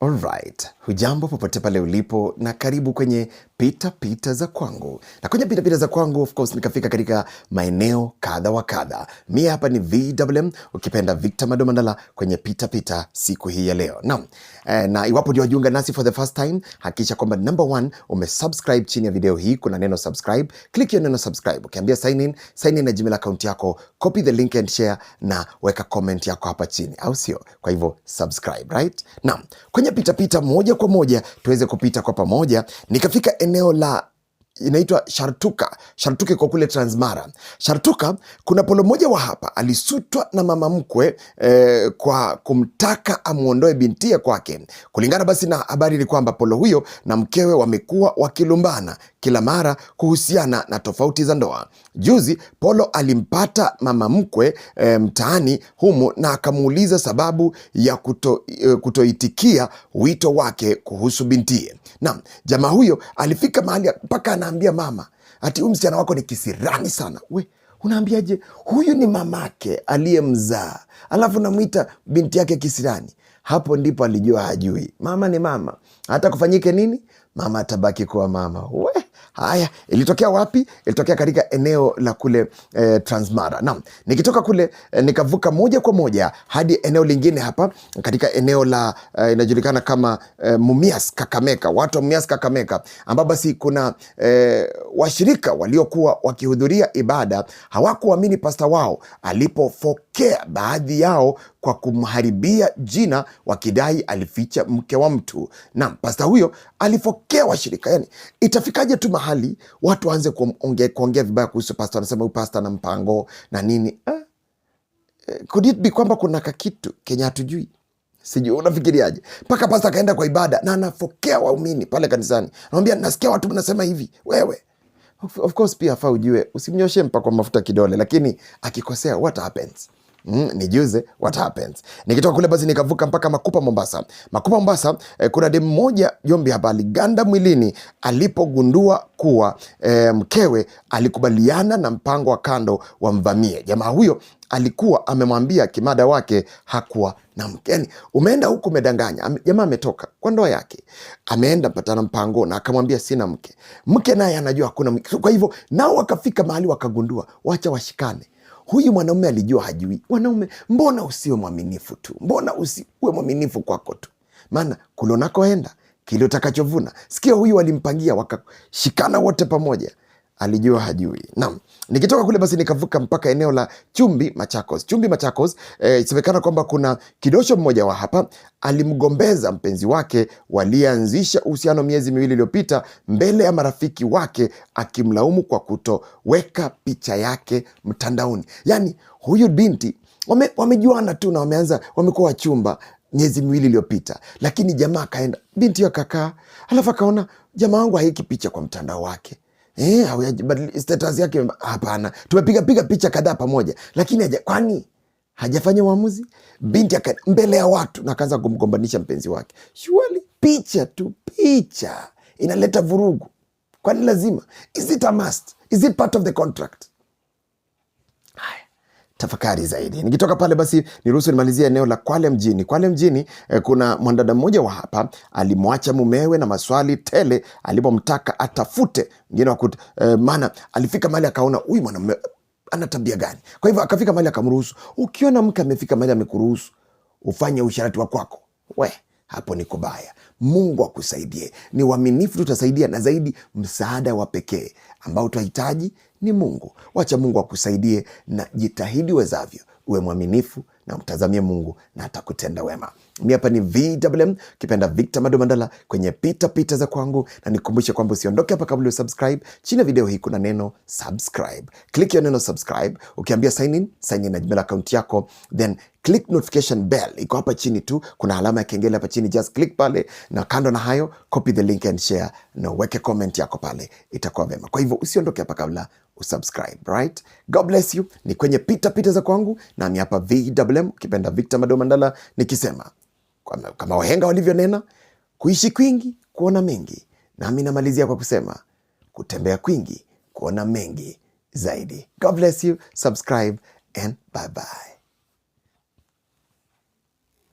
Alright, hujambo popote pale ulipo na karibu kwenye pita pita za kwangu. Na kwenye pita pita za kwangu of course nikafika katika maeneo kadha wa kadha. Mimi hapa ni VMM, ukipenda Victor Madomandala kwenye pita pita siku hii ya leo. Naam. Eh, na iwapo ndio wajiunga nasi for the first time, hakikisha kwamba number one umesubscribe chini ya video hii kuna neno subscribe. Click hiyo neno subscribe. Ukiambia sign in, sign in na Gmail account yako, copy the link and share na weka comment yako hapa chini, au sio? Kwa hivyo subscribe, right? Naam. Kwenye fanya pitapita moja kwa moja tuweze kupita kwa pamoja. Nikafika eneo la inaitwa Shartuka, Shartuke kwa kule Transmara. Shartuka, kuna polo mmoja wa hapa alisutwa na mama mkwe eh, kwa kumtaka amwondoe bintia kwake. Kulingana basi na habari ni kwamba polo huyo na mkewe wamekuwa wakilumbana kila mara kuhusiana na tofauti za ndoa. Juzi Polo alimpata mama mkwe e, mtaani humo na akamuuliza sababu ya kuto, e, kutoitikia wito wake kuhusu bintie. Naam, jamaa huyo alifika mahali mpaka anaambia mama ati huyu msichana wako ni kisirani sana. We unaambiaje? Huyu ni mamake aliyemzaa, alafu namwita binti yake kisirani. Hapo ndipo alijua hajui mama ni mama, hata kufanyike nini, mama atabaki kuwa mama. We Haya, ilitokea wapi? Ilitokea katika eneo la kule e, Transmara. Naam, nikitoka kule e, nikavuka moja kwa moja hadi eneo lingine hapa katika eneo la e, inajulikana kama e, Mumias Kakameka, watu wa Mumias Kakameka, ambapo basi kuna e, washirika waliokuwa wakihudhuria ibada hawakuamini pasta wao alipofokea baadhi yao kwa kumharibia jina wakidai alificha mke wa mtu. Na pasta huyo alifokea washirika. Yani itafikaje tu mahali watu waanze kuongea vibaya kuhusu pasta, wanasema huyu pasta na mpango na nini eh, eh? Could it be kwamba kuna kakitu kenye hatujui? Sijui, unafikiriaje? Mpaka pasta akaenda kwa ibada na anafokea waumini pale kanisani, anamwambia nasikia watu mnasema hivi. Wewe of of course pia afaa ujue, usimnyoshe mpaka mafuta kidole, lakini akikosea what happens? mm, nijuze what happens. Nikitoka kule basi nikavuka mpaka Makupa Mombasa. Makupa Mombasa eh, kuna demu moja Jombi hapa aliganda mwilini alipogundua kuwa eh, mkewe alikubaliana na mpango wa kando wa mvamie. Jamaa huyo alikuwa amemwambia kimada wake hakuwa na mke. Yani umeenda huku umedanganya. Jamaa ametoka kwa ndoa yake, ameenda patana mpango na akamwambia sina mke. Mke naye anajua hakuna mke, kwa hivyo nao wakafika mahali wakagundua, wacha washikane Huyu mwanaume alijua hajui. mwanaume mbona usiwe mwaminifu tu? Mbona usiwe mwaminifu kwako tu? Maana kule unakoenda kile utakachovuna. Sikia, huyu walimpangia, wakashikana wote pamoja alijua hajui. Naam, nikitoka kule basi nikavuka mpaka eneo la Chumbi Machakos. Chumbi Machakos, eh, isemekana kwamba kuna kidosho mmoja wa hapa alimgombeza mpenzi wake walianzisha uhusiano miezi miwili iliyopita mbele ya marafiki wake, akimlaumu kwa kutoweka picha yake mtandaoni. Yaani huyu binti wame, wamejuana tu na wameanza wamekuwa wachumba miezi miwili iliyopita, lakini jamaa akaenda, binti akakaa, alafu akaona jamaa wangu haiki picha kwa mtandao wake eh, status yake hapana. Tumepiga piga picha kadhaa pamoja, lakini haja, kwani hajafanya uamuzi? Binti aka mbele ya watu na akaanza kumgombanisha mpenzi wake. shuali picha tu, picha inaleta vurugu. Kwani lazima? Is it a must? Is it part of the contract? tafakari zaidi. Nikitoka pale basi, niruhusu nimalizie eneo la Kwale mjini. Kwale mjini eh, kuna mwanadada mmoja wa hapa alimwacha mumewe na maswali tele alipomtaka atafute mjini wa kuta, eh, maana alifika mahali akaona huyu mwanamume ana tabia gani. Kwa hivyo akafika mahali akamruhusu. Ukiona mke amefika mahali amekuruhusu ufanye usharati wa kwako, we hapo ni kubaya. Mungu akusaidie, ni uaminifu tutasaidia, na zaidi msaada wa pekee ambao tunahitaji ni Mungu. Wacha Mungu akusaidie, na jitahidi wezavyo, uwe mwaminifu na mtazamie Mungu na atakutenda wema. Mi hapa ni VMM kipenda Victor Mandala kwenye pita pita za kwangu, na nikukumbushe kwamba usiondoke hapa kabla usubscribe. Chini ya video hii kuna neno subscribe, click hiyo neno subscribe. Ukiambia sign in, sign in na Gmail akaunti yako then click notification bell, iko hapa chini tu, kuna alama ya kengele hapa chini, just click pale, na kando na hayo copy the link and share, na uweke comment yako pale, itakuwa vema. Kwa hivyo usiondoke hapa kabla usubscribe, right? God bless you. Ni kwenye pita pita za kwangu, nami hapa vwm ukipenda Victor Mado Mandala, nikisema kama wahenga walivyonena, kuishi kwingi kuona mengi, nami namalizia kwa kusema kutembea kwingi kuona mengi zaidi. God bless you, subscribe and bye bye.